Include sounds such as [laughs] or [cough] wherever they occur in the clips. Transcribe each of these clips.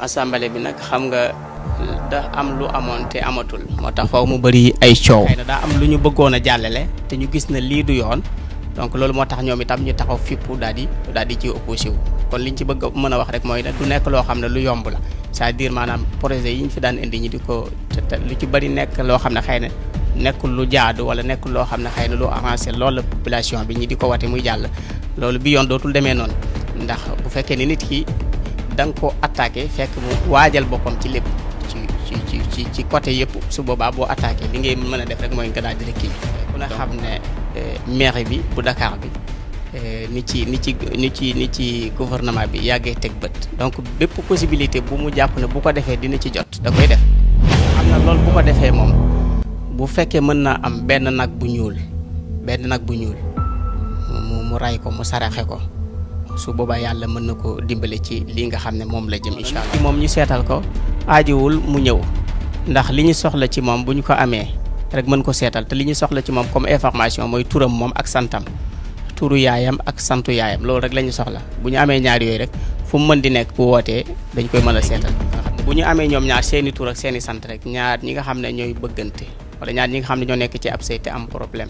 assemblée bi nag xam nga da am lu amoon te amatul moo tax faw mu bëri ay coow daa am lu ñu bëggoon a jàllale te ñu gis na lii du yoon donc loolu moo tax ñoom itam ñu taxaw fippu daal di daal di ci opposé wu kon ñu ci bëgg mën a wax rek mooy ne du nekk loo xam ne lu yomb la c'est-à-dire maanaam projet yi ñu fi daan indi ñi di ko lu ci bëri nekk loo xam ne xëy na nekkul lu jaadu wala nekkul loo xam ne xëy na lu avancé loolu la population bi ñi di ko wate muy jàll loolu bi yoon dootul demee noonu ndax bu fekkee da nga ko attaqué fekk mu waajal boppam ci lépp ci ci ci ci ci côté yëpp su boobaa boo attaqué li ngay mën a def rek mooy nga daal di rek kii ku na xam ne euh, mairie bi bu dakaar bi euh, ni ci ni ci ni ci ni ci gouvernement bi yàggee teg bët donc bépp possibilité bu mu jàpp ne bu ko defee dina ci jot da koy def am na loolu bu ko defee moom bu fekkee mën naa am benn nag bu ñuul benn nag bu ñuul mu mu ray ko mu saraxe ko su boobaa yàlla mën na ko dimbale ci lii nga xam ne moom la jëm incha allah. moom ñu seetal ko aajowul mu ñëw ndax li ñu soxla ci moom bu ñu ko amee mën ko seetal li ñu soxla ci moom comme information mooy turam moom ak santam turu yaayam ak santu yaayam loolu rek la ñu soxla bu ñu amee ñaar yooyu rek fu mu mën di nekk bu wootee dañ koy mën a seetal. bu ñu amee ñoom ñaar seeni tur ak seeni sant rek ñaar ñi nga xam ne ñooy bëggante wala ñaar ñi nga xam ne ñoo nekk ci ab sëy te am problème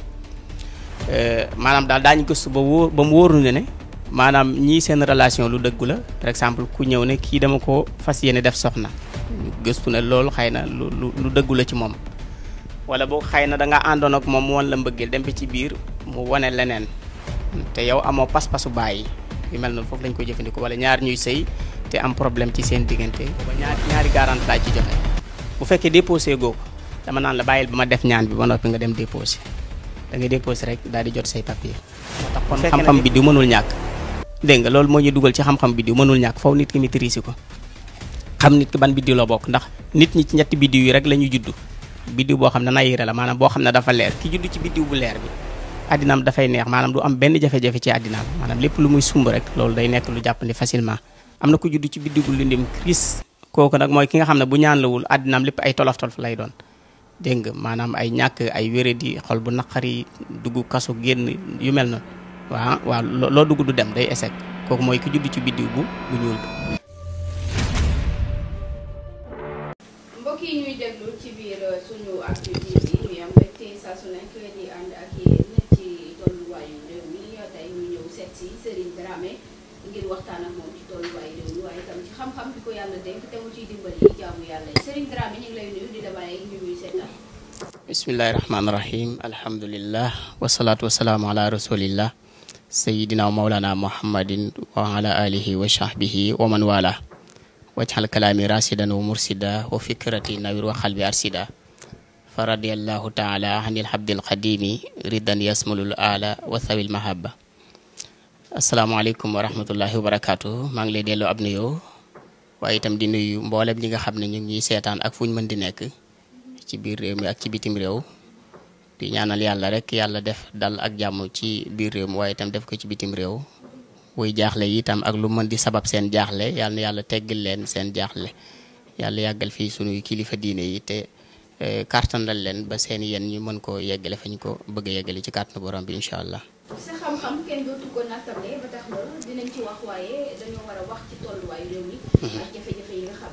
euh, maanaam maanaam ñii seen relation lu dëggu la par exemple ku ñëw ne kii dama ko fas yéene def soxna gëstu na loolu xëy na lu lu dëggu la ci moom wala boo xëy na da nga àndoon ak moom mu wan la mbëggee dem ba ci biir mu wone leneen te yow amoo pas-pasu bàyyi yu mel noonu foofu lañ koy jëfandikoo wala ñaar ñuy sëy te am problème ci seen diggante ba ñaari garante laa ci joxe bu fekkee déposé goo dama naan la bàyyil ba ma def ñaan bi ba noppi nga dem déposé da ngay déposé rek daal di jot say papier moo tax kon bi mënul ñàkk dégg nga loolu mooy ñuy dugal ci xam-xam biddiw mënul ñàkk faw nit ki maîtriser ko xam nit ki ban biddiw la bokk ndax nit ñi ci ñetti biddiw yi rek la ñuy judd biddiw boo xam ne nayire la maanaam boo xam ne dafa leer ki judd ci biddiw bu leer bi addinaam dafay neex maanaam du am benn jafe ci addinaam maanaam lépp lu muy sumb rek loolu day nekk lu jàpp jàppandi facilement am na ku judd ci biddiw bu lindim crise kooku nag mooy ki nga xam ne bu ñaan lawul addinaam lépp ay tolof-tolof lay doon dégg nga maanaam ay ñàkk ay wéré di xol bu naqari dugg kasu génn yu mel noonu waaw waaw loo dugg dem day échec kooku mooy ki judd ci biddiw bu bu ñuul bi. ñuy déglu ci biir euh, suñu actu TV ñu am mbégte saa su nekk ñëw seet si Serigne Dramé ngir waxtaan ak moom ci tolluwaayu réew mi waaye itam ci xam-xam bi ko yàlla dénk te mu ciy dimbali jaamu yàlla yi Serigne Dramé ñu lay nuyu di la bàyyi ñu ñuy seetal. bismillahi rahmaani alhamdulillah wasalaatu wasalaamu ala rasulillah. sayidina wa mawlana muhammadin wa ala wa sahbihi wa man wala wajhal kalaami rasidan wa mursida wa fikrati nawir wa xalbi arsida fa radiallahu taala anil habdil qadimi ridan yasmulul ala wa thawil mahaba asalaamaaleykum wa rahmatullahi wa barakatuh maa ngi lay delloo ab nuyoo waaye itam di nuyu mboolem ñi nga xam ne ñu ngi seetaan ak fu ñu mën di nekk ci biir réew mi ak ci bitim réew di ñaanal yàlla rek yàlla def dal ak jàmm ci biir réew mi waaye itam def ko ci bitim réew wuy jaaxle itam ak lu mën di sabab seen jaaxle yàlla yàlla teggil leen seen jaaxle yàlla yàggal fii sunuy kilifa diine yi te e, kàttanal leen ba seen yéen ñi mën koo yeggale fa ñu ko bëgg yeggale ci kàttanu borom bi incha allah. sa xam-xam kenn dootu ko nattale ba tax loolu dinañ ci wax waaye dañoo war wax ci tolluwaayu réew mi. Mm-hmm. ak jafe-jafe yi nga xam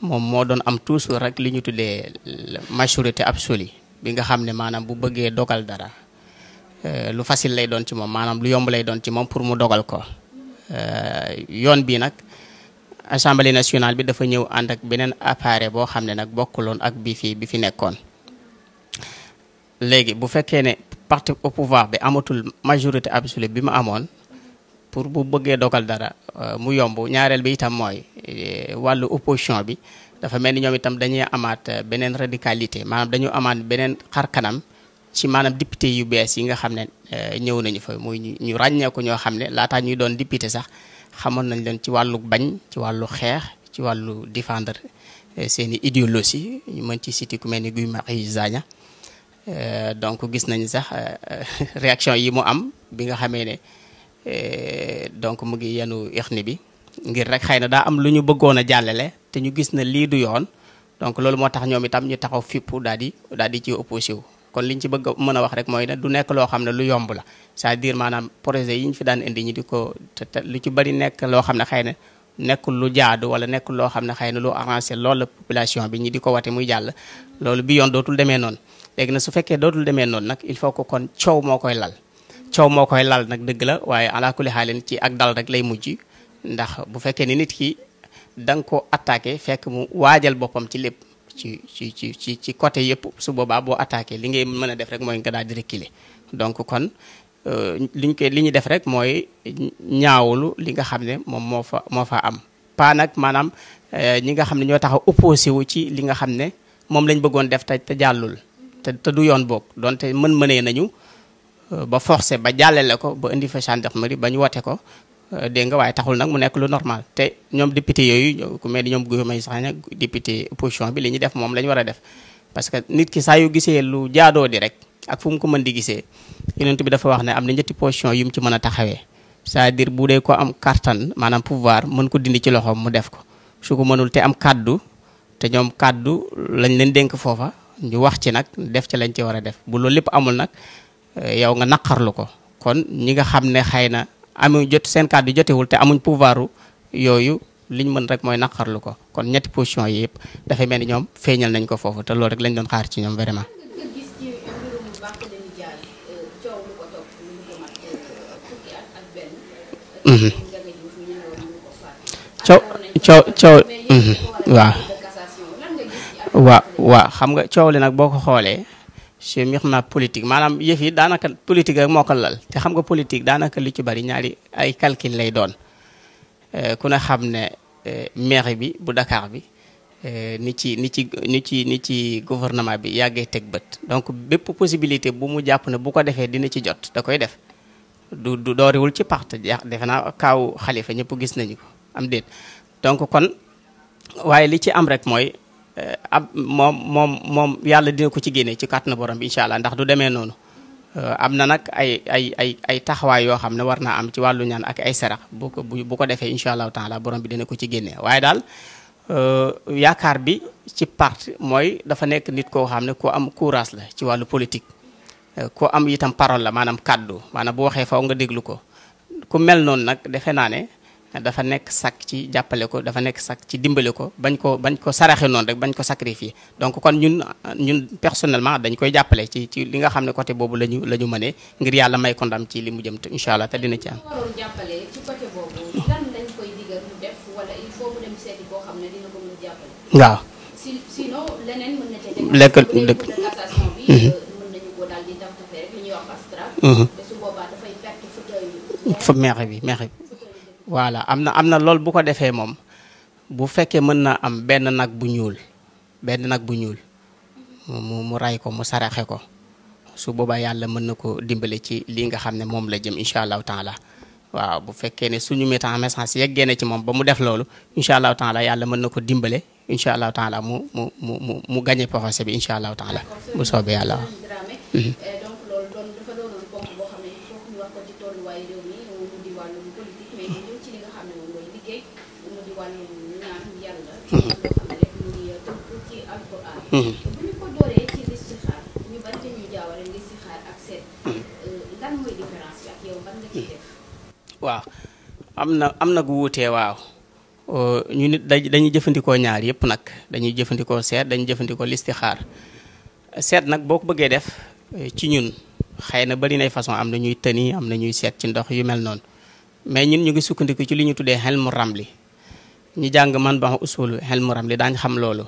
moom moo doon am toujours rek li ñu tuddee majorité absolue bi nga xam ne maanaam bu bëggee dogal dara euh, lu facile lay doon ci moom maanaam lu yomb lay doon ci moom pour mu dogal ko euh, yoon bi nag assemblée nationale bi dafa ñëw ànd ak beneen appareil boo xam ne nag bokkuloon ak bi fi bi fi nekkoon léegi bu fekkee ne parti au pouvoir bi amatul majorité absolue bi mu amoon pour bu bëggee dogal dara euh, mu yomb ñaareel bi itam mooy euh, wàllu opposition bi dafa mel ni ñoom itam dañuy amaat euh, beneen radicalité maanaam dañu amaat beneen xarkanam kanam ci maanaam député yu bees yi nga xam ne ñëw nañu fa muy ñu ràññee ko ñoo xam ne laataa ñuy doon député sax xamoon nañ leen ci wàllu bañ ci wàllu xeex ci wàllu défendre seen i idéologie ñu mën ci cité ku mel ni Guy Marius Sagna donc gis nañ sax [laughs] réaction yi mu am bi nga xamee ne Eh, donc mu ngi yenu ixni bi ngir rek xëy na daa am lu ñu bëggoon a jàllale te ñu gis na lii du yoon donc loolu moo tax ñoom itam ñu taxaw fippu daal di daal di ci opposé wu kon liñ ci bëgg mën a wax rek mooy ne du nekk loo xam ne lu yomb la c'est-à-dire projet yi ñu fi daan indi ñu di ko lu ci bari nekk loo xam ne xëy na nekkul lu jaadu wala nekk loo xam ne xëy na lu avancé loolu la population bi ñi di ko wate muy jàll loolu bi yoon dootul demee noonu léegi nag su fekkee dootul demee noonu nag il faut que kon coow moo koy lal coow moo koy lal nag dëgg la waaye ala kulli xaalin ci ak dal rek lay mujj ndax bu fekkee ni nit ki da nga ko attaqué fekk mu waajal boppam ci lépp ci ci ci ci ci côté yëpp su boobaa boo attaqué li ngay mën a def rek mooy nga daal di reculer donc kon euh, li ñu koy li ñu def rek mooy ñaawlu li nga xam ne moom moo fa moo fa am pa nag maanaam euh, ñi nga xam ne ñoo taxaw opposé wu ci li nga xam ne moom lañ bëggoon def te te jàllul te te du yoon boog donte mën mënee nañu ba forcé ba jàllale ko ba indi fa gendarmerie ba ñu wote ko euh, dégg nga waaye taxul nag mu nekk lu normal te ñoom député yooyu ku mel ni ñoom Guy Marius Sagna député opposition bi li ñu def moom lañ ñu war a def parce que nit ki saa yu gisee lu jaadoo di rek ak fu mu ko mën di gisee yonent bi dafa wax ne am na ñetti position yu mu ci mën a taxawee c'est-à-dire bu dee ko am kartan maanaam pouvoir mën ko dindi ci loxoom mu def ko su ko mënul te am kaddu te ñoom kàddu lañ leen dénk foofa ñu wax ci nag def ci lañ ci war a def yow nga naqarlu ko kon ñi nga xam ne xëy na amuñ jot seen kàddu jotewul te amuñ pouvoiru yooyu liñ mën rek mooy naqarlu ko kon ñetti position yi yëpp dafay mel ni ñoom feeñal nañ ko foofu te loolu rek lañ doon xaar ci ñoom vraiment. coow coow coow mhm. Mhm. waaw waaw waaw xam nga coow li nag boo ko xoolee. je mix ma politique maanaam yëf yi daanaka politique rek moo ko te xam nga politique daanaka li ci bari ñaari ay calcul lay doon euh, ku ne xam ne euh, maire bi bu Dakar bi euh, ni ci ni ci ni ci ni ci gouvernement bi yàggee teg bët donc bépp possibilité bu mu jàpp ne bu ko defee dina ci jot da koy def du du dooriwul ci part defe naa kaaw xalifa ñëpp gis nañu ko am déet donc kon waaye li am rek mooy Euh, ab moom moom moom yàlla dina ko ci génne ci kàttanu borom bi incha allah ndax du demee noonu euh, am na nag ay ay ay ay taxawaay yoo xam ne war naa am ci wàllu ñaan ak ay serax bu ko bu ko defee incha allahu taala borom bi dina ko ci génne waaye daal euh, yaakaar bi ci parti mooy dafa nekk nit koo xam ne ku am courage la ci wàllu politique. ku am itam parole la maanaam kàddu maanaam bu waxee faw nga déglu ko ku mel noonu nag defe naa dafa nekk sakk ci jàppale ko dafa nekk sakk ci dimbale ko bañ ko bañ ko saraxe noonu rek bañ ko sacrifier donc kon ñun ñun personnellement dañ koy jàppale ci ci li nga xam ne côté boobu la ñu la ñu ngir yàlla may ko ndam ci li mu jëm incha allah te dina ci am. waaw. lekk dëgg. Mhm. Euh, mhm. fa meexe bi meexe bi. voilà am na am na loolu bu ko defee moom bu fekkee mën na am benn nag bu ñuul benn nag bu ñuul mu ray ko mu saraxe ko su boobaa yàlla mën na ko dimbale ci lii nga xam ne moom la jëm incha allahu taala waaw bu fekkee ne suñu mettant en essence yeggee na ci moom ba mu def loolu incha allahu taala yàlla mën na ko dimbale incha allahu taala mu mu mu mu mu gagné procès bi incha allahu taala bu soobee yàlla waaw am na am nag wuutee waaw ñu nit dañuy jëfandikoo ñaar yëpp nag dañuy jëfandikoo seet dañu jëfandikoo listi xaar seet nag boo ko bëggee def eh, ci ñun xëy na bari nay façon am na ñuy tëni am na ñuy seet ci ndox yu mel noonu mais ñun ñu ngi sukkandiku ci li ñu tuddee xel mu ramli ñi jàng man ba usul xelmu ramli daañ xam loolu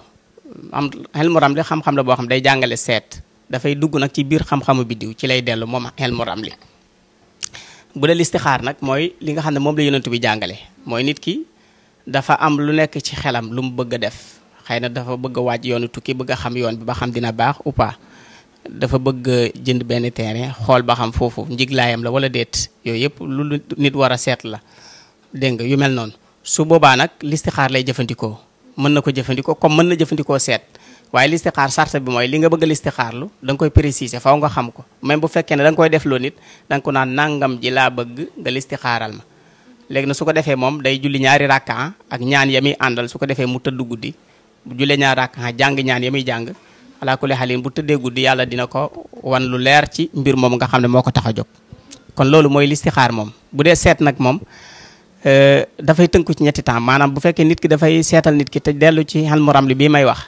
am xelmu ramli xam-xam la boo xam day jàngale seet dafay dugg nag ci biir xam-xamu biddiw ci lay dellu moom xelmu ramli bu dee listixaar nag mooy li nga xam ne moom la yonent bi jàngale mooy nit ki dafa am lu nekk ci xelam lu mu bëgg a def xëy na dafa bëgg a waaj yoonu tukki bëgg a xam yoon bi ba xam dina baax ou dafa bëgg jënd benn terrain xool ba xam foofu njiglaayam la wala déet yooyu yëpp lu nit war a seet la dégg nga yu mel noonu su boobaa nag listixaar lay jëfandikoo mën na ko jëfandikoo comme mën na jëfandikoo seet waaye listixaar sarta bi mooy li nga bëgg a listixaarlu da nga koy préciser nga xam ko même bu fekkee ne da nga koy def loo nit ko naan nangam ji laa bëgg nga listixaaral ma léegi na su ko defee moom day julli ñaari rakka ak ñaan ya muy àndal su ko defee mu tëdd guddi bu jullee ñaari rakka jàng ñaan ya muy jàng alaa kulli xalin bu tëddee guddi yàlla dina ko wan lu leer ci mbir moom nga xam ne moo ko tax a jóg kon loolu mooy listixaar moom bu dee seet nag moom Euh, dafay tënku ci ñetti temps maanaam bu fekkee nit ki dafay seetal nit ki te dellu ci xel mu ramli bii may wax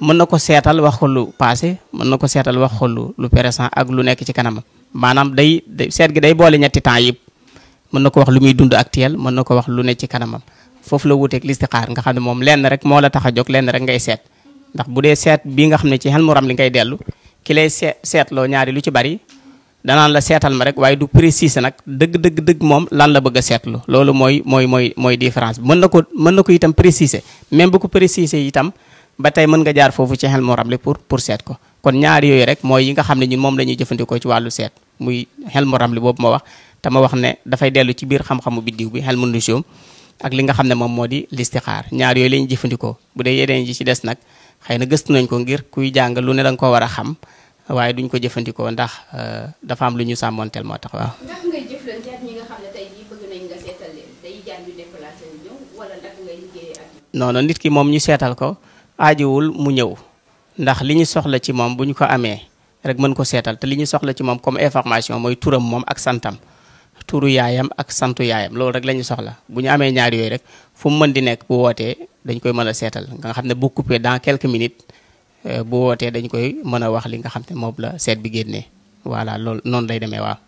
mën na ko seetal wax ko lu passé mën na ko seetal wax ko lu lu présent ak lu nekk ci kanamam maanaam day seet gi day boole ñetti temps yëpp mën na ko wax lu muy dund actuel mën na ko wax lu ne ci kanamam foofu la wuuteeg xaar nga xam ne moom lenn rek moo la tax a jog lenn rek ngay seet ndax bu dee seet bii nga xam ne ci xel mu ramli lu ci bari danaan la seetal ma rek waaye du préciser nag dëgg dëgg dëgg moom lan la bëgg a seetlu loolu mooy mooy mooy mooy différence mën na ko mën na ko itam préciser même bu ko préciser itam ba tey mën nga jaar foofu ci xel moo ramli pour pour seet ko kon ñaar yooyu rek mooy yi nga xam ne ñun moom la ñuy ci wàllu seet muy xel mu ramli boobu ma wax te ma wax ne dafay dellu ci biir xam-xamu biddiw bi xel mu nujuum ak li nga xam ne moom moo di xaar ñaar yooyu la ñuy jëfandikoo bu dee yeneen ji ci des nag xëy na gëstu nañ ko ngir kuy jàng ne da nga ko war a xam waaye duñ ko jëfandikoo ndax euh, dafa am lu ñu sàmmoonteel moo tax waaw. ndax nit ki moom ñu seetal ko aajiwul mu ñëw ndax li ñu soxla ci moom bu ñu ko amee rek mën ko seetal te soxla ci comme information mooy turam moom ak santam. turu yaayam ak santu yaayam loolu rek la ñu soxla bu ñu amee ñaar yooyu rek fu mu mën di nekk bu wootee dañ koy mën a seetal nga xam ne bu coupé dans quelques minutes Euh, bu wootee dañ koy mën a wax li nga xam te moom la seet bi génnee voilà loolu noonu lay demee waaw.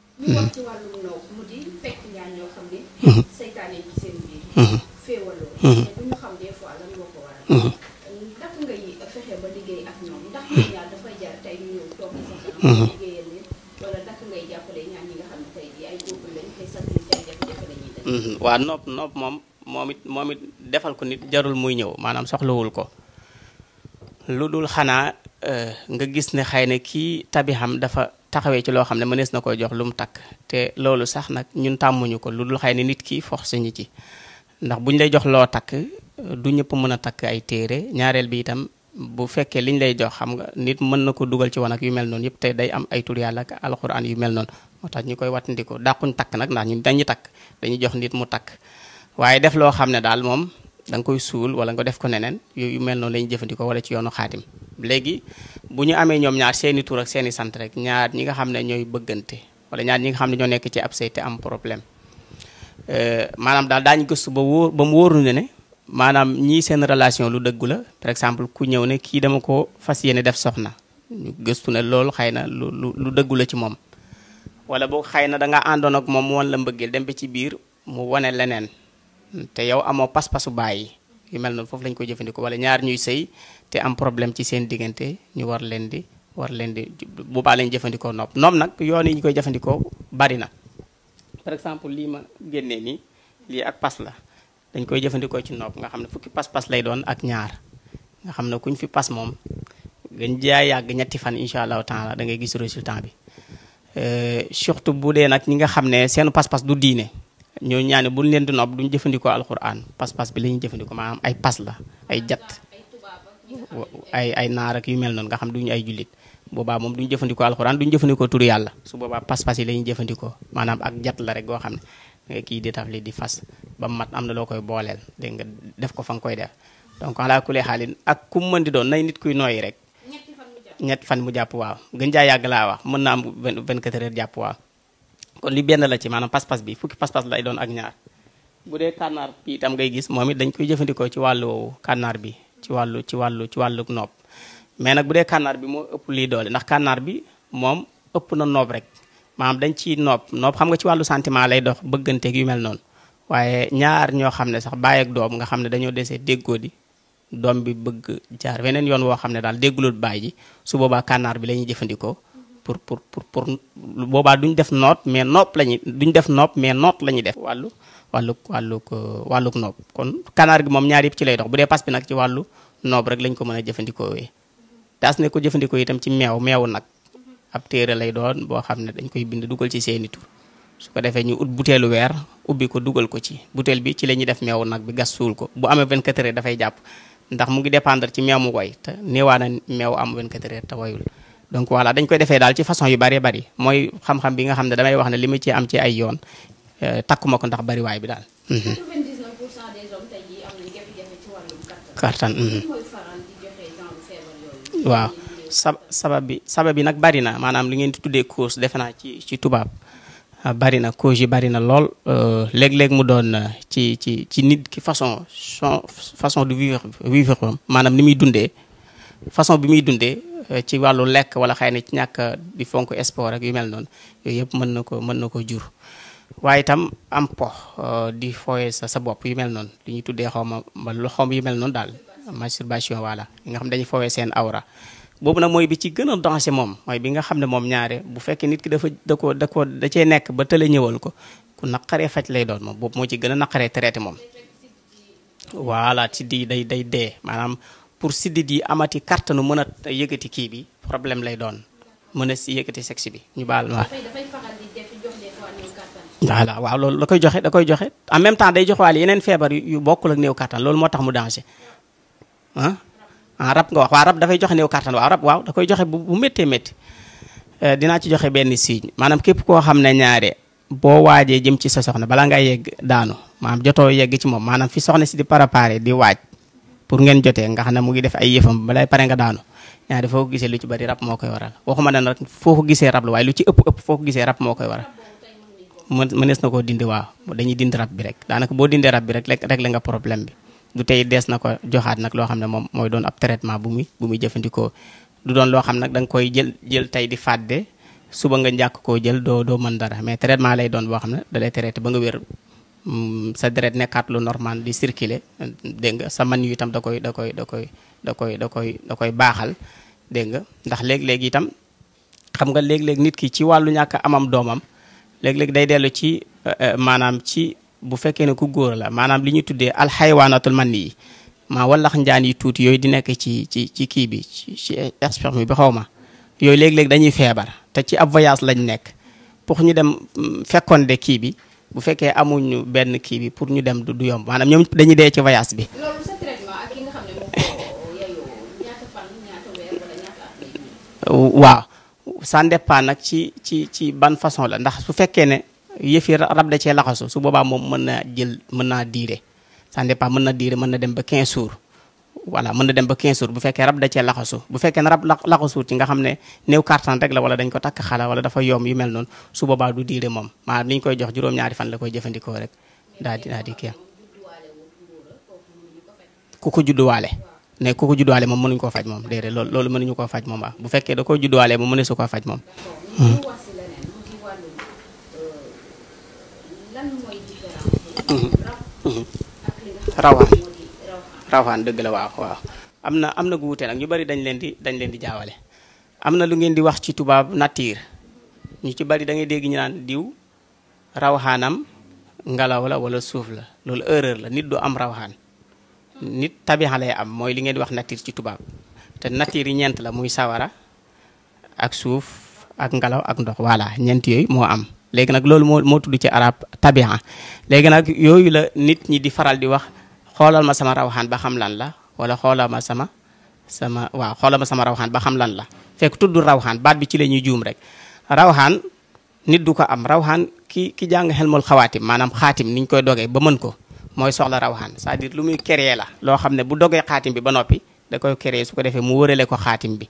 waaw nopp nopp moom moom it moom it defal ko nit jarul muy ñëw maanaam soxlawul ko lu dul xanaa eh, nga gis ne xëy na kii xam dafa taxawee ci loo xam ne mënees na koy jox lu mu takk te loolu sax nag ñun tàmmuñu ko lu dul xëy na nit kii forcé ñu ci ndax buñ lay jox loo takk du ñëpp mën a takk ay téere ñaareel bi itam fekkee liñ lay jox xam nga nit mën na ko dugal ci wan yu mel noonu yëpp te day am ay tur yàlla ak yu mel noonu moo tax ñu takk nag ndax ñu dañuy takk dañuy jox nit mu takk waaye def loo xam ne daal moom da nga koy suul wala nga def ko neneen yu mel noonu la ñuy jëfandikoo wala ci yoonu xaatim léegi bu ñu amee ñoom ñaar seeni tur ak seeni sant rek ñaar ñi nga xam ne ñooy bëggante wala ñaar ñi nga xam ne ñoo nekk ci ab sëy te am problème euh, maanaam daal daañ gëstu ba wóor ba mu wóoru ne ne maanaam ñii seen relation lu dëggu la par exemple ku ñëw ne kii dama ko fas yéene def soxna ñu gëstu ne loolu xëy na lu lu dëggu la ci moom wala boo xëy na ci biir mu wane leneen te yow amoo pas-pasu bàyyi yu mel noonu foofu lañ koy jëfandikoo wala ñaar ñuy sëy te am problème ci seen diggante ñu war leen di war leen di bu baa lañ jëfandikoo nopp noom nag yoon yi ñu koy jëfandikoo bari na par exemple lii ma génnee nii lii ak pas la dañ koy jëfandikoo ci nopp nga xam ne fukki pas-pas lay doon ak ñaar nga xam ne kuñ fi pas moom gën jaay yàgg ñetti fan incha allahu taala da ngay gis résultat bi euh, surtout bu dee nag ñi nga xam ne seen pas-pas du diine ñoo ñaane buñ leen di nopp duñ jëfandikoo alxuraan pas-pas bi la ñuy jëfandikoo maanaam ay pas la ay jat ay ay naar ak yu mel noonu nga xam duñu ay jullit boobaa moom duñ jëfandikoo alxuraan duñ jëfandikoo turu yàlla su boobaa pas-pas yi la ñuy jëfandikoo maanaam ak jat la rek goo xam ne kii di tafli di fas ba mat am na loo koy booleel dégg nga def ko fa nga koy def donc a alaa kulli xaalin ak ku mën di doon nay nit kuy nooy rek ñett fan mu jàpp waaw gën jaa yàgg laa wax mën na am 24 heures jàpp waaw kon li benn la ci maanaam pas-pas bi fukki pas-pas lay doon ak ñaar bu dee kànnaar bi itam ngay gis moom it dañ koy jëfandikoo ci wàllu kànnaar bi ci wàllu ci wàllu ci wàllu noob mais nag bu dee kànnaar bi moo ëpp lii doole ndax kànnaar bi moom ëpp na noob rek maanaam dañ ciy noob noob xam nga ci wàllu sentiment lay dox bëgganteeg yu mel noonu waaye ñaar ñoo xam ne sax bàyyi ak doom nga xam ne dañoo desee déggoo di doom bi bëgg jaar weneen yoon woo xam ne daal déggulul baay ji su boobaa kànnaar la ñuy jëfandikoo pour pour pour pour boobaa duñ def noot mais nopp la ñuy duñ def nopp mais noot la ñuy def wàllu wàllug wàllug euh, wàllug noob kon kanaar gi moom ñaar yëpp ci lay dox bu dee pas bi nag ci wàllu noob rek lañ ko mën a jëfandikoo wee daas ne ko jëfandikoo itam ci meew meew nag ab téere lay doon boo xam ne dañ koy bind dugal ci seeni tur su ko defee ñu ut buteelu weer ubbi ko dugal ko ci buteel bi ci la ñuy def meewu nag bi gas suul ko bu amee 24 heures dafay jàpp ndax mu ngi dépendre ci meew mu woy te néewaa na meew am 24 heures te woyul donc voilà dañ koy defee daal ci façon yu bari bari mooy xam-xam bi nga xam ne damay wax ne li mu ci am ci ay yoon euh, takkuma ko ndax bari waay bi daal. 99 mhm. pour cent mhm. waaw sa sabab bi nag bari na maanaam li ngeen di tuddee cause defe naa ci ci tubaab. Ah, bari na cause yi bari na lool euh, léeg-léeg mu doon euh, ci ci ci nit ki façon façon de vivre vivre maanaam ni muy dundee. façon bi muy dundee euh, ci wàllu lekk wala xëy na ci ñàkk di fonk sport rek yu mel noonu yooyu yëpp mën na ko mën na ko jur. waaye tam am po euh, di fooye sa sa bopp yu mel noonu lu ñuy tuddee xaw ma loxoom yu mel noonu daal masturbation voilà nga xam dañuy fooye seen awra. boobu nag mooy bi ci gën a danger moom mooy bi nga xam ne moom ñaare bu fekkee nit ki dafa da ko da ko da cee nekk ba tële ñëwal ko ku naqaree faj lay doon moom boobu moo ci gën a naqaree traité moom. voilà ci di day day dee maanaam pour siddit yi amati kàttanu mën a yëkkati kii bi problème lay doon mën a si yëkkati sexe bi ñu baal ma waaw loolu da koy joxe da koy joxe en même temps day joxewaale yeneen feebar yu bokk ak new kàttan loolu moo tax mu danger ah ah rab nga wax waaw rab dafay joxe new kartan waaw rab waaw da koy joxe bu bu méttee métti euh, dinaa ci joxe benn signe maanaam képp koo xam ne ñaare boo waajee jëm ci sa soxna bala ngay yegg daanu maanaam jotoo yegg ci moom maanaam fi soxna si di pour ngeen jotee nga xam ne mu ngi def ay yëfam balay pare nga daanu ñaari foo ko gisee lu ci bari rab moo koy waral waxuma ne nag foo ko gisee rab la lu ci ëpp ëpp foo ko gisee rab moo koy waral mënees na koo dindi waaw dañuy dindi rab bi rek daanaka boo dindee rab bi rek rek la nga problème bi du tey dees na ko joxaat nag loo xam ne moom mooy doon ab traitement bu muy bu muy jëfandikoo du doon loo xam nag da nga koy jël jël tey di fàdde suba nga njàkk koo jël doo doo mën dara mais traitement lay doon boo xam ne da ba nga wér Mm, sa deret nekkaat lu normal di circuler dégg nga sa man yu itam da koy da koy da koy da koy da koy da koy baaxal dégg nga ndax léeg-léeg itam xam nga léeg-léeg nit ki ci wàllu ñàkk amam doomam léeg-léeg day dellu ci euh, euh, maanaam ci bu fekkee ne ku góor la maanaam li ñuy tuddee alxaywaanatul man yi maa wallax njaan yi tuuti yooyu di nekk ci ci ci kii bi ci ci sperme xaw ma yooyu léeg-léeg dañuy feebar te ci ab voyage lañ nekk pour ñu dem mm, fekkoon de kii bi bu fekkee amuñu benn kii bi pour ñu dem du du yomb maanaam ñoom dañuy dee ci voyage bi. waaw ça dépend nag ci ci ci ban façon la ndax su fekkee ne yëfi rab da cee laxasu su boobaa moom mën naa jël mën naa diire ça dépend mën na diire mën na dem ba 15 jours. voilà mën na dem ba 15 jours bu fekkee rab da cee laxasu bu fekkee ne rab laxasu ci nga xam ne néew kartan rek la wala dañ ko takk xala wala dafa yoom yu mel noonu su boobaa du diire moom maanaam li ñu ku ko judduwaale ne ku ko judduwaale moom mënuñu koo faj moom déedéet loolu loolu mënuñu koo faj moom waaw bu fekkee da koo judduwaale moom mëne su faj moom hmm. hmm. hmm. rawaan raawaan dëgg la waaw waaw am na am na gu wuute nag ñu bari dañ leen di dañ leen di jaawale am na lu ngeen di wax ci tubaab nature ñu ci bari dangay dégg ñu naan diw rawxaanam ngelaw la wala suuf la loolu erreur la nit du am rawxaan nit tabixa lay am mooy li ngeen di wax nature ci tubaab te nature yi ñeent la muy sawara ak suuf ak ngelaw ak ndox voilà ñeent yooyu moo am léegi nag loolu ci arab yooyu la nit ñi di faral di wax xoolal ma sama rawxaan ba xam lan la wala xoolal ma sama sama waaw xoolal ma sama rawxaan ba xam lan la fekk tudd rawaan baat bi ci la ñuy juum rek rawxaan nit du ko am rawxaan ki ki jàng xelmul xawaatim maanaam xaatim niñ koy dogee ba mën ko mooy soxla rawxaan c'est-à-dire lu muy créer la loo xam ne bu dogee xaatim bi ba noppi da koy su ko defee mu wërale ko xaatim bi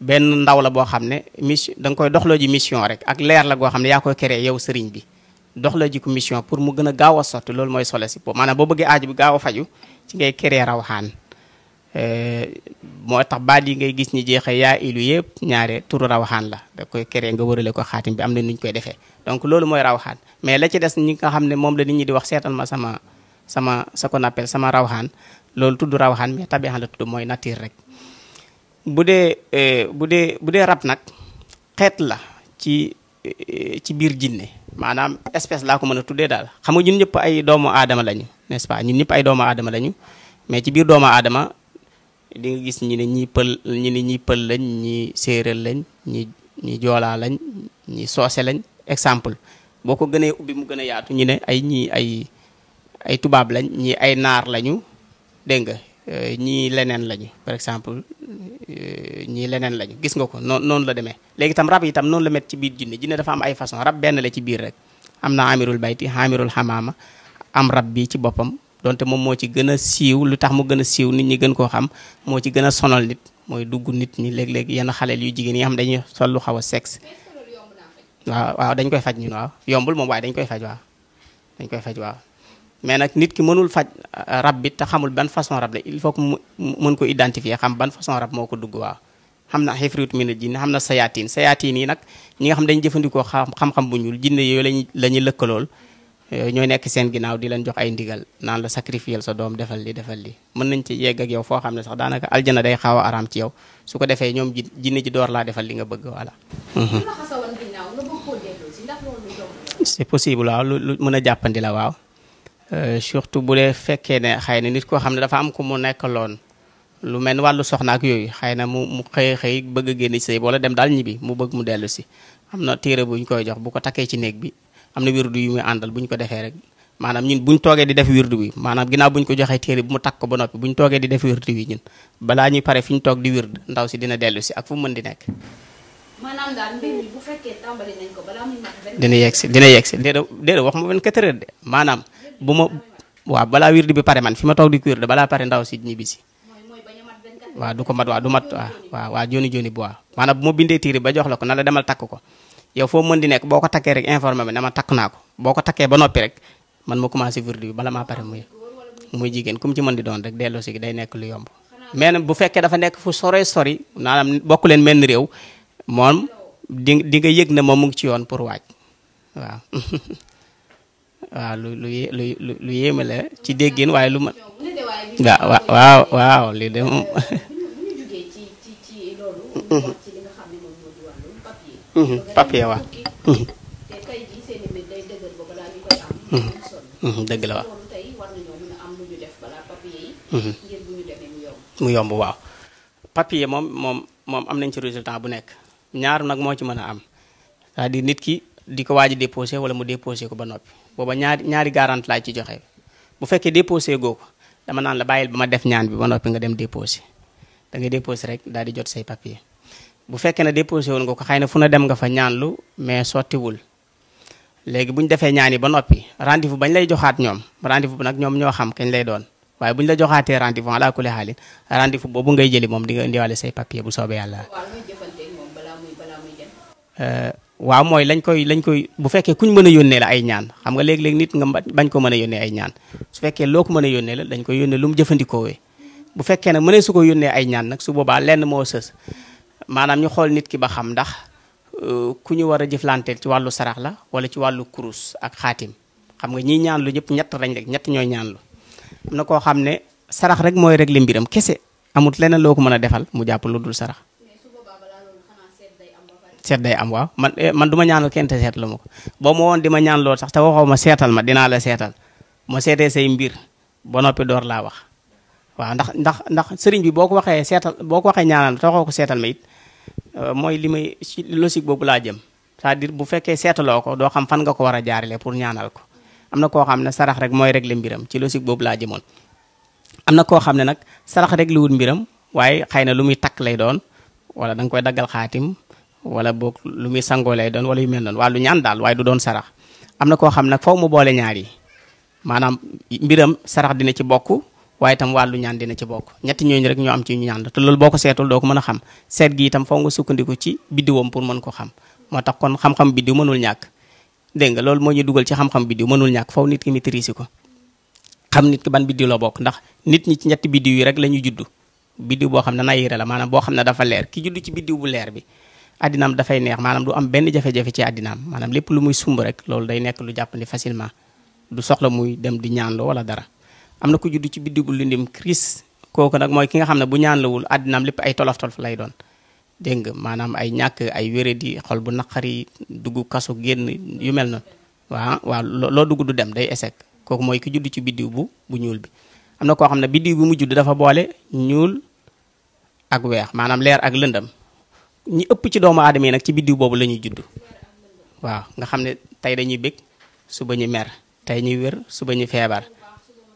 benn ndaw la boo xam ne mission da koy doxloo ji mission rek ak leer la goo xam ne yaa koy créer yow sëriñ bi dox la jiku mission pour mu gën a gaaw a sotti loolu mooy solo si boobu maanaam boo bëggee aaju bi gaaw a faju ci ngay créer rawxaan eh, moo tax baat yi ngay gis ñi jeexe yaa ilu yëpp ñaare turu rawxaan la da koy créer nga wërale ko xaatim bi am na nuñ koy defee donc loolu mooy rawxaan mais la ci des ñi nga xam ne moom la nit ñi di wax seetal ma sama sama ce qu'on appelle sama rawxaan loolu tudd rawxaan mais tabixan la tudd mooy nature rek bu dee eh, bu dee bu dee rab nag la Eh, ci biir jinne maanaam espèce laa ko mën a tuddee daal xam nga ñun ñëpp ay doomu aadama lañu n'est-ce pas ñun ñëpp ay doomu aadama lañu mais ci biir doomu aadama di nga gis ñi ne ñi pël ñi ne ñi pël lañ ñi séeréer lañ ñi ñi joolaa lañ soose lañ exemple boo ko gënee ubbi mu gën a yaatu ñu ne ay ñii ay ay tubaab lañ ñi ay naar lañu dégg nga eh, ñii leneen lañu par exemple Euh, ñii leneen lañu gis nga ko noonu noonu la demee léegi tam rab itam noonu la met ci biir jinne jinne dafa am ay façon rab benn la ci biir rek am na amirul bayti amirul xamaama am rab bii ci boppam donte moom moo ci gën a siiw lu tax mu gën a siiw nit ñi gën koo xam moo ci gën a sonal nit mooy dugg nit ñi léeg-léeg yenn xale yu jigéen yi nga xam dañuy sol lu xaw a sexe waaw waaw dañ koy faj ñun waaw yombul moom waaye dañ koy faj waaw dañ koy faj waaw mais nag nit ki mënul faj euh, rab bi te xamul ban façon rab la il faut que mu mën ko identifier xam ban façon rab moo ko dugg waaw xam na xifriwut mi ne jinne xam na sayaatiin sayaatiin yi nag ñi nga xam dañ jëfandikoo xam-xam bu ñuul jinne yooyu lañu la ñuy lëkkalool euh, ñooy nekk seen ginnaaw di leen jox ay ndigal naan la sacrifier sa doom defal li defal li mën nañ ci yegg ak yow foo xam ne sax daanaka aljana day xaaw a araam ci yow su ko defee ñoom ji jinne ji door laa defal li nga bëgg voilà mhm. c'est possible a jàppandi la waaw Euh, surtout bu dee fekkee ne xëy na nit koo xam ne dafa am ko mu nekk loon lu mel ni wàllu soxna ak yooyu xëy na mu mu xëy xëy bëgg a génn ci sëy wala dem daal ñibbi mu bëgg mu dellu si am na téere buñ koy jox bu ko takkee ci néeg bi am na wirdu yu muy àndal bu ñu ko defee rek maanaam ñun buñ toogee di def wirdu bi maanaam ginnaaw buñ ko joxee téere bu mu takk ko ba noppi buñ toogee di def wirdu bi ñun balaa ñuy pare fu ñu toog di wirdu ndaw si dina dellu si ak fu mu mën di nekk maanaam si dina yegg si déedéet maanaam bu ma waaw balaa wirdi bi pare man fi ma toog di ku kuréel balaa pare ndaw si ñibbi si waaw du ko mat waaw du mat waaw waaw waaw jooni joni bu waaw maanaam bu ma bindee tiiri ba jox la ko na la demal takk ko yow foo mën di nekk boo ko takkee rek informé ma ne ko boo ko takkee ba noppi rek man ma commencé wirdi bi bala maa pare muy muy jigéen comme ci mën di doon rek delloo si day nekk lu yomb mais nag bu fekkee dafa nekk fu sore sori maanaam bokk leen menn réew moom di di nga yëg na moom mu ngi ci yoon pour waaj waaw [laughs] waaw lu lu lu lu yéeme la ci déggin waaye lu ma. waaw waaw waaw lii de moom. [laughs] Mhm, mhm, waaw. Mhm. dëgg la waaw. mu yomb waaw. papier moom moom moom am nañ ci résultat bu nekk ñaar nag moo ci mën a am cest di nit ki di ko waaj a déposé wala mu déposé ko ba noppi. booba ñaari ñaari garante laa ci joxe bu fekkee déposé goo ko dama naan la bàyyil ba ma def ñaan bi ba noppi nga dem déposé da ngay déposé rek daal di jot say papier bu fekkee ne déposé woon nga ko xay na fu na dem nga fa ñaan lu mais sottiwul léegi bu ñu defee ñaan yi ba noppi rendez-vous bañ lay joxaat ñoom rendez-vous bu nag ñoom ñoo xam kañ lay doon waaye buñ la joxaatee rendez-vous ala kulli xaalin rendez-vous boobu ngay jëli moom di nga indiwaale say papier bu soobee yàlla. waaw mooy lañ koy lañ koy bu fekkee kuñ mën a yónnee la ay ñaan xam nga léeg-léeg nit nga bañ ko mën a yónnee ay ñaan su fekkee loo ko mën a yónnee la dañ koy yónnee mu jëfandikoowee bu fekkee nag mënee su ko yónnee ay ñaan nag su boobaa lenn moo sës maanaam ñu xool nit ki ba xam ndax euh, ku ñu war a jëflanteel ci wàllu sarax la wala ci wàllu kurus ak xaatim xam nga ñiy ñaanlu ñëpp ñett lañ rek ñett ñooy ñaan lu na koo xam ne sarax rek mooy rek régler mbiram kese amut leneen loo ko mën a defal mu jàpp lu dul sarax seet day am waaw man eh, man du ma ñaanal kenn te seetlu ma ko boo ma woon di ma ñaan lool sax te waxoo ma seetal ma dinaa la seetal ma seetee say mbir ba noppi door laa wax waaw ndax ndax ndax sëriñ bi boo ko waxee seetal boo ko waxee ñaanal te waxoo ko seetal ma it euh, mooy li may ci logique boobu laa jëm cest à bu fekkee seetaloo ko doo xam fan nga ko war a jaarale pour ñaanal ko am na koo xam ne sarax rek mooy régler mbiram ci logique boobu laa jëmoon am na koo xam ne nag sarax rek lu mbiram waaye xëy na lu muy takk lay doon wala da koy daggal xaatim wala book lu muy sangoo lay doon wala yu mel noonu wàllu ñaan daal waaye du doon sarax am na koo xam nag faw mu boole ñaar yi maanaam mbiram sarax dina ci bokk waaye itam wàllu ñaan dina ci bokk ñetti ñooñu rek ñoo am ci ñu ñaan la te boo ko seetul doo ko mën a xam seet gi itam faw nga sukkandiku ci biddiwam pour mën ko xam moo tax kon xam-xam biddiw mënul ñàkk dégg nga loolu moo ñu dugal ci xam-xam biddiw mënul ñàkk faw nit ki maîtriser ko xam nit ki ban biddiw la bokk ndax nit ñi ci ñetti biddiw yi rek la ñu judd biddiw boo xam ne nayire la maanaam boo xam ne dafa leer ki judd ci biddiw bu leer bi addinaam dafay neex maanaam du am benn jafe-jafe ci addinaam maanaam lépp lu muy sumb rek loolu day nekk lu jàppandi facilement du soxla muy dem di ñaanlu wala dara am na ku judd ci biddi bu lindim crise kooku nag mooy ki nga xam ne bu ñaanlawul addinaam lépp ay tolof lay doon dégg nga maanaam ay ñàkk ay wéradi xol bu naqari dugg kasu génn yu mel noonu waaw waaw loo dem day échec kooku mooy ki judd ci biddiw bu bu ñuul bi am na koo xam ne biddiw bi mu judd dafa boole ñuul ak weex maanaam leer ak lëndam ñi ëpp ci doomu aadama yi nag ci biddiw boobu la ñuy judd waaw nga xam ne tey dañuy bëgg suba ñu mer tey ñuy wér suba ñu feebar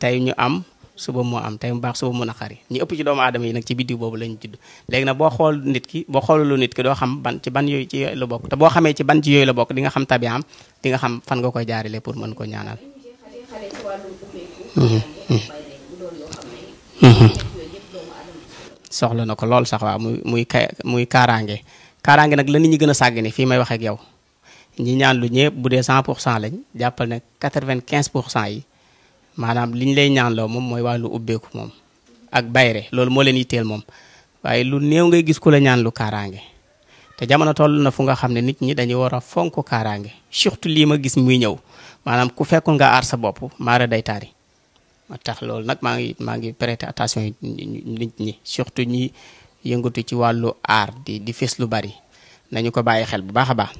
tey ñu am suba moo am tey mu baax suba mu naqari ñi ëpp ci doomu aadama yi nag ci biddiw boobu la judd léegi nag boo xool nit ki boo xooluloo nit ki doo xam ban ci ban yooyu ci yooyu la bokk te boo xamee ci ban ci yooyu la bokk di nga xam tabiam di nga xam fan nga koy jaarale pour mën ko ñaanal. soxla na ko lool sax waa muy muy ka muy kaaraange kaaraange nag la nit ñi gën a sàggane fii may wax ak yow ñi ñaan lu ñëpp bu dee 100 pour cent lañ jàppal ne 95 pour cent yi maanaam li ñu lay ñaanloo moom mooy wàllu ubbeeku moom ak bayre loolu moo leen teel moom waaye lu néew ngay gis ko la ñaan lu kaaraange te jamono toll na fu nga xam ne nit ñi dañuy war a fonk kaaraange surtout lii ma gis muy ñëw maanaam ku fekkul nga aar sa bopp maara tax loolu nag maa ngi maa ngi prêter attention nit ñi surtout ñi yëngatu ci wàllu aar di fis lu bari nañu ko bàyyi xel bu baax a baax.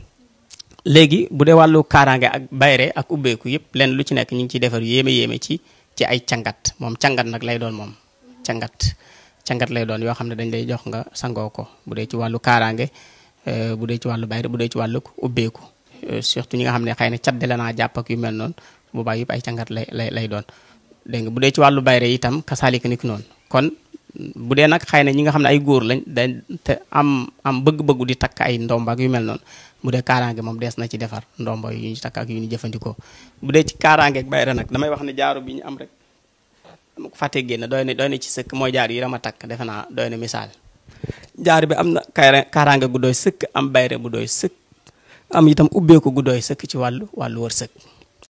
léegi bu dee wàllu kaaraange ak bayre ak ubbeeku yëpp lenn lu ci nekk ñu ngi ciy defar yéeme yéeme ci ci ay cangat moom cangat nag lay doon moom cangat. cangat lay doon yoo xam ne dañ lay jox nga sangoo ko bu dee ci wàllu kaaraange euh, bu dee ci wàllu bayre bu dee ci wàllu ubbeeku euh, surtout ñi nga xam ne xëy na cat de la naa jàpp ak yu mel ay cangat lay doon. dégg nga bu dee ci wàllu bayre itam kasaalika ni ki noonu kon bu dee nag xëy na ñi nga xam ne ay góor lañ da te am am bëgg-bëggu di takk ay ndomba yu mel noonu bu dee kaaraange moom dees na ci defar ndomba yu ñu takk ak yu ñu jëfandikoo bu dee ci kaaraange bayre nag damay wax ne jaaru bi ñu am rek dama ko fàttee génn doy na ci sëkk mooy jaar yi ma takk defe naa doy na misaal jaar bi am na kaaraange gu doy sëkk am bayre bu doy sëkk am itam ubbeeku gu doy sëkk ci wàllu wàllu wërsëg